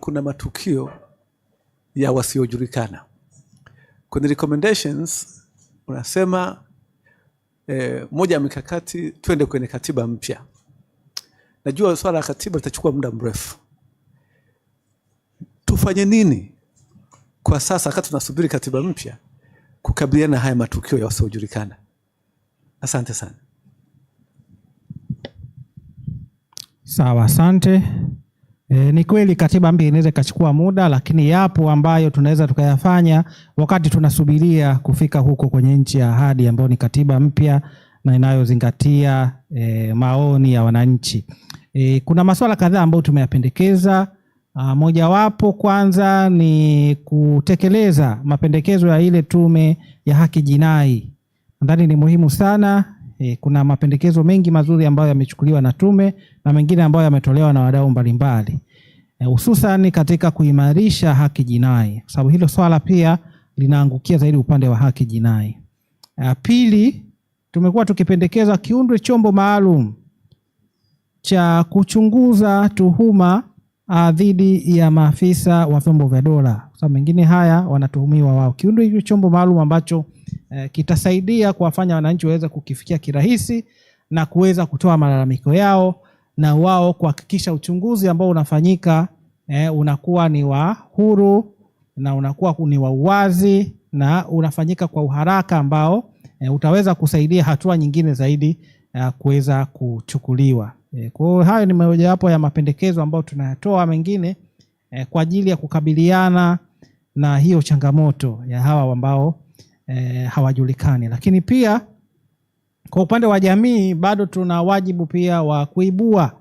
Kuna matukio ya wasiojulikana. Kwenye recommendations unasema eh, moja ya mikakati twende kwenye katiba mpya. Najua swala la katiba litachukua muda mrefu. Tufanye nini kwa sasa, wakati tunasubiri katiba mpya, kukabiliana na haya matukio ya wasiojulikana? Asante sana. Sawa, asante. E, ni kweli katiba mpya inaweza ikachukua muda, lakini yapo ambayo tunaweza tukayafanya wakati tunasubiria kufika huko kwenye nchi ya ahadi ambayo ni katiba mpya na inayozingatia e, maoni ya wananchi. E, kuna masuala kadhaa ambayo tumeyapendekeza. Ah, mojawapo kwanza ni kutekeleza mapendekezo ya ile tume ya haki jinai. Nadhani ni muhimu sana E, kuna mapendekezo mengi mazuri ambayo yamechukuliwa na tume na mengine ambayo yametolewa na wadau mbalimbali e, hususan e, katika kuimarisha haki jinai, kwa sababu hilo swala pia linaangukia zaidi upande wa haki jinai. E, pili, tumekuwa tukipendekeza kiundwe chombo maalum cha kuchunguza tuhuma Ah, dhidi ya maafisa wa vyombo vya dola, kwa sababu mengine haya wanatuhumiwa wao. kiundo hicho chombo maalum ambacho e, kitasaidia kuwafanya wananchi waweze kukifikia kirahisi na kuweza kutoa malalamiko yao na wao kuhakikisha uchunguzi ambao unafanyika e, unakuwa ni wa huru na unakuwa ni wa uwazi na unafanyika kwa uharaka ambao e, utaweza kusaidia hatua nyingine zaidi e, kuweza kuchukuliwa. E, kwa hiyo hayo ni mojawapo ya mapendekezo ambayo tunayatoa mengine e, kwa ajili ya kukabiliana na hiyo changamoto ya hawa ambao e, hawajulikani. Lakini pia kwa upande wa jamii bado tuna wajibu pia wa kuibua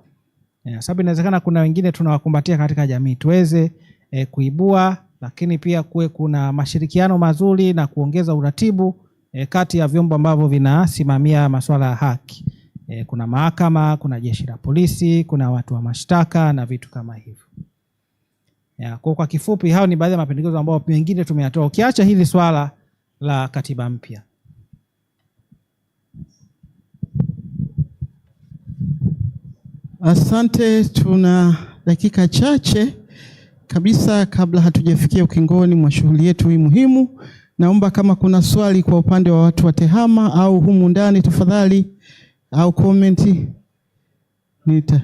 e, sababu inawezekana kuna wengine tunawakumbatia katika jamii, tuweze e, kuibua, lakini pia kuwe kuna mashirikiano mazuri na kuongeza uratibu e, kati ya vyombo ambavyo vinasimamia masuala ya haki. E, kuna mahakama, kuna jeshi la polisi, kuna watu wa mashtaka na vitu kama hivyo. Ya, kwa, kwa kifupi hao ni baadhi ya mapendekezo ambayo mengine tumeyatoa ukiacha hili swala la katiba mpya. Asante, tuna dakika chache kabisa kabla hatujafikia ukingoni mwa shughuli yetu hii muhimu. Naomba kama kuna swali kwa upande wa watu wa TEHAMA au humu ndani, tafadhali au komenti? Nita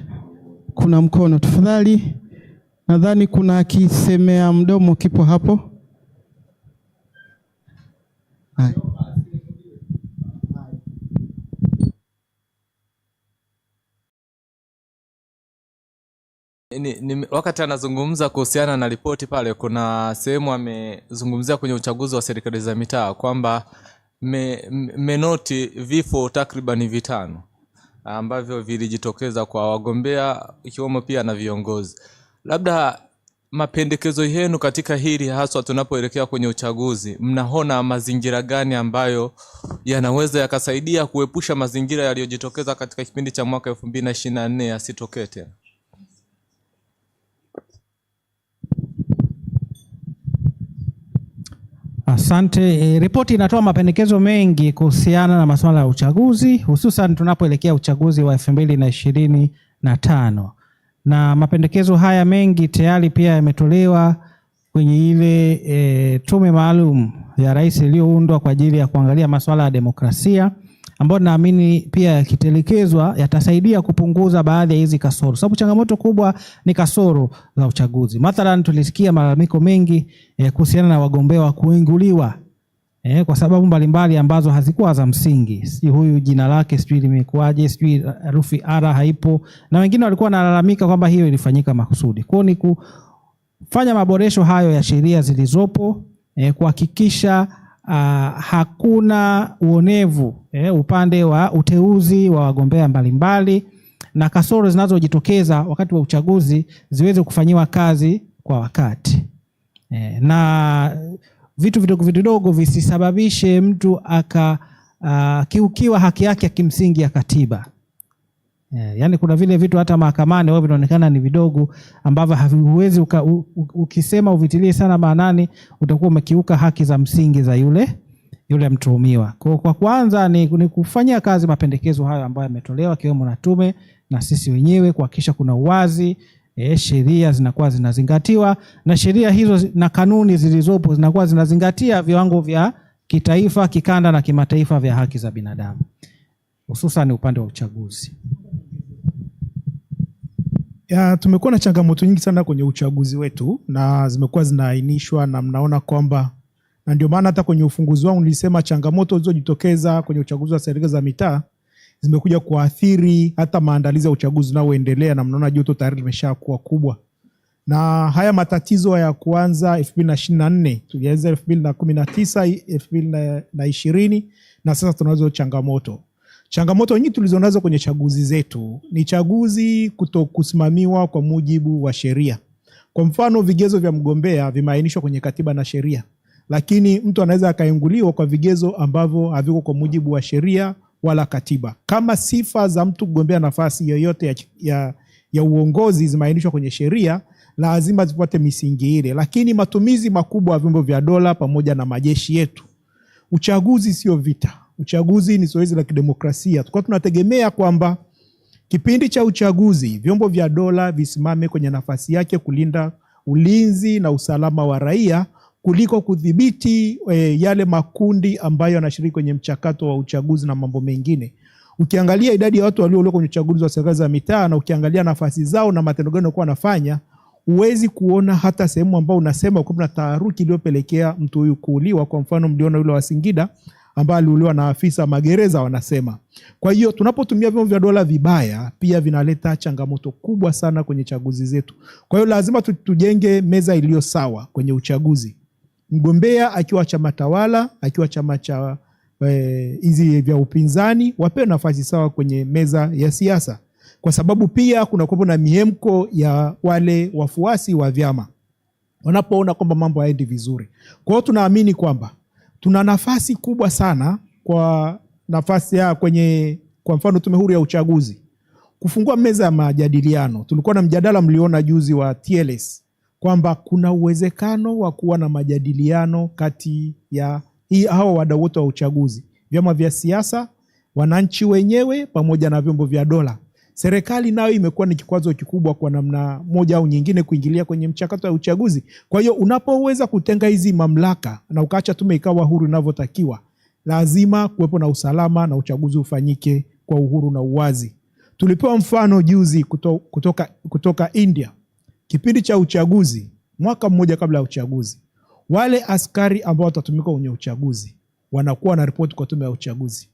kuna mkono tafadhali, nadhani kuna akisemea mdomo kipo hapo. Hai. Ni, ni, wakati anazungumza kuhusiana na ripoti pale, kuna sehemu amezungumzia kwenye uchaguzi wa serikali za mitaa kwamba me, me, vifo takribani vitano ambavyo vilijitokeza kwa wagombea ikiwemo pia na viongozi. Labda mapendekezo yenu katika hili haswa tunapoelekea kwenye uchaguzi, mnaona mazingira gani ambayo yanaweza yakasaidia kuepusha mazingira yaliyojitokeza katika kipindi cha mwaka elfu mbili na ishirini na nne yasitokee tena? Asante. E, ripoti inatoa mapendekezo mengi kuhusiana na masuala ya uchaguzi hususan tunapoelekea uchaguzi wa elfu mbili na ishirini na tano na mapendekezo haya mengi tayari pia yametolewa kwenye ile e, tume maalum ya rais iliyoundwa kwa ajili ya kuangalia masuala ya demokrasia ambayo naamini pia yakitelekezwa yatasaidia kupunguza baadhi ya hizi kasoro, sababu changamoto kubwa ni kasoro za uchaguzi. Mathalan, tulisikia malalamiko mengi eh, kuhusiana na wagombea wa kuinguliwa eh, kwa sababu mbalimbali ambazo hazikuwa za msingi, si huyu jina lake sijui limekuaje, sijui herufi R haipo, na wengine walikuwa wanalalamika kwamba hiyo ilifanyika makusudi. Kwao ni kufanya maboresho hayo ya sheria zilizopo eh, kuhakikisha Uh, hakuna uonevu eh, upande wa uteuzi wa wagombea mbalimbali na kasoro zinazojitokeza wakati wa uchaguzi ziweze kufanyiwa kazi kwa wakati eh, na vitu vidogo vidogo visisababishe mtu akakiukiwa ah, uh, haki yake ya kimsingi ya katiba. Yeah, yaani kuna vile vitu hata mahakamani wao vinaonekana ni vidogo ambavyo haviwezi uka, u, ukisema uvitilie sana maanani utakuwa umekiuka haki za msingi za yule yule mtuhumiwa. Kwa, kwa kwanza ni, ni kufanyia kazi mapendekezo hayo ambayo yametolewa kiwemo na tume na sisi wenyewe kuhakikisha kuna uwazi e, sheria zinakuwa zinazingatiwa na sheria hizo na kanuni zilizopo zinakuwa zinazingatia viwango vya kitaifa, kikanda na kimataifa vya haki za binadamu hususan upande wa uchaguzi. Ya, tumekuwa na changamoto nyingi sana kwenye uchaguzi wetu na zimekuwa zinaainishwa na mnaona kwamba, na ndio maana hata kwenye ufunguzi wangu nilisema changamoto zilizojitokeza kwenye uchaguzi wa serikali za mitaa zimekuja kuathiri hata maandalizi ya uchaguzi unaoendelea, na mnaona joto tayari limeshakuwa kubwa, na haya matatizo ya kuanza 2024 tulianza 2019 2020 na sasa tunazo changamoto Changamoto nyingi tulizonazo kwenye chaguzi zetu ni chaguzi kutokusimamiwa kwa mujibu wa sheria. Kwa mfano, vigezo vya mgombea vimeainishwa kwenye katiba na sheria, lakini mtu anaweza akainguliwa kwa vigezo ambavyo haviko kwa mujibu wa sheria wala katiba. Kama sifa za mtu kugombea nafasi yoyote ya, ya, ya uongozi zimeainishwa kwenye sheria, lazima zifuate misingi ile, lakini matumizi makubwa ya vyombo vya dola pamoja na majeshi yetu. Uchaguzi sio vita uchaguzi ni zoezi la kidemokrasia. Tulikuwa tunategemea kwamba kipindi cha uchaguzi vyombo vya dola visimame kwenye nafasi yake kulinda ulinzi na usalama wa raia kuliko kudhibiti e, yale makundi ambayo yanashiriki kwenye mchakato wa uchaguzi na mambo mengine. Ukiangalia idadi ya watu waliolio kwenye uchaguzi wa serikali za mitaa na ukiangalia nafasi zao na matendo gani walikuwa wanafanya, huwezi kuona hata sehemu ambao unasema kuna taharuki iliyopelekea mtu huyu kuuliwa. Kwa mfano mliona yule wa Singida ambayo aliuliwa na afisa magereza wanasema. Kwa hiyo tunapotumia vyombo vya dola vibaya, pia vinaleta changamoto kubwa sana kwenye chaguzi zetu. Kwa hiyo lazima tujenge meza iliyo sawa kwenye uchaguzi, mgombea akiwa chama tawala, akiwa chama cha eh, hizi e, vya upinzani wapewe nafasi sawa kwenye meza ya siasa, kwa sababu pia kuna kuwepo na mihemko ya wale wafuasi wa vyama wanapoona kwamba mambo haendi vizuri. Kwa hiyo tunaamini kwamba tuna nafasi kubwa sana kwa nafasi ya kwenye kwa mfano tume huru ya uchaguzi kufungua meza ya majadiliano. Tulikuwa na mjadala mliona juzi wa TLS kwamba kuna uwezekano wa kuwa na majadiliano kati ya hii hawa wadau wote wa uchaguzi, vyama vya siasa, wananchi wenyewe, pamoja na vyombo vya dola serikali nayo imekuwa ni kikwazo kikubwa kwa namna moja au nyingine kuingilia kwenye mchakato wa uchaguzi. Kwa hiyo unapoweza kutenga hizi mamlaka na ukaacha tume ikawa huru inavyotakiwa, lazima kuwepo na usalama na uchaguzi ufanyike kwa uhuru na uwazi. Tulipewa mfano juzi kuto, kutoka, kutoka India, kipindi cha uchaguzi, mwaka mmoja kabla ya uchaguzi, wale askari ambao watatumika kwenye uchaguzi wanakuwa na ripoti kwa tume ya uchaguzi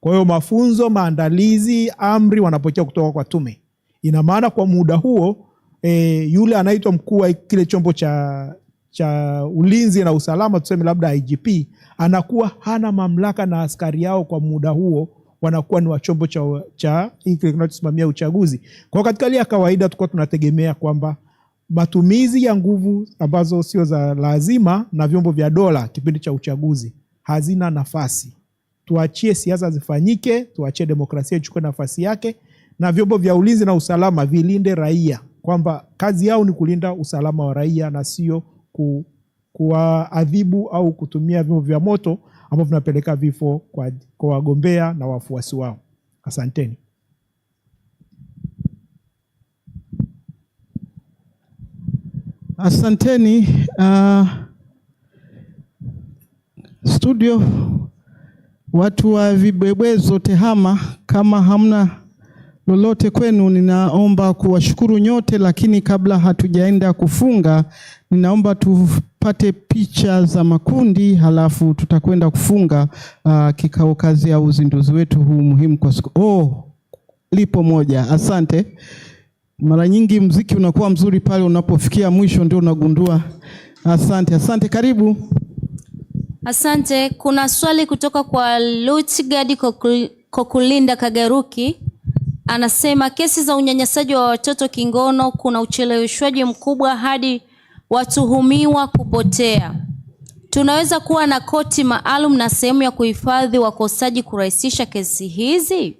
kwa hiyo mafunzo, maandalizi, amri wanapokea kutoka kwa tume. Ina maana kwa muda huo e, yule anaitwa mkuu wa kile chombo cha cha ulinzi na usalama, tuseme labda IGP, anakuwa hana mamlaka na askari yao kwa muda huo wanakuwa ni wa chombo cha, cha kile kinachosimamia uchaguzi. Kwa katika hali ya kawaida tulikuwa tunategemea kwamba matumizi ya nguvu ambazo sio za lazima na vyombo vya dola kipindi cha uchaguzi hazina nafasi tuachie siasa zifanyike, tuachie demokrasia ichukue nafasi yake, na vyombo vya ulinzi na usalama vilinde raia, kwamba kazi yao ni kulinda usalama wa raia na sio ku, kuwaadhibu au kutumia vyombo vya moto ambavyo vinapeleka vifo kwa, kwa wagombea na wafuasi wao. Asanteni. Asanteni uh, studio Watu wa vibwebwezo TEHAMA, kama hamna lolote kwenu, ninaomba kuwashukuru nyote, lakini kabla hatujaenda kufunga, ninaomba tupate picha za makundi, halafu tutakwenda kufunga uh, kikao kazi ya uzinduzi wetu huu muhimu kwa siku. Oh, lipo moja, asante. Mara nyingi mziki unakuwa mzuri pale unapofikia mwisho, ndio unagundua. Asante, asante, karibu. Asante. Kuna swali kutoka kwa Lutgard Kokulinda Kagaruki, anasema kesi za unyanyasaji wa watoto kingono kuna ucheleweshwaji mkubwa hadi watuhumiwa kupotea. Tunaweza kuwa na koti maalum na sehemu ya kuhifadhi wakosaji kurahisisha kesi hizi?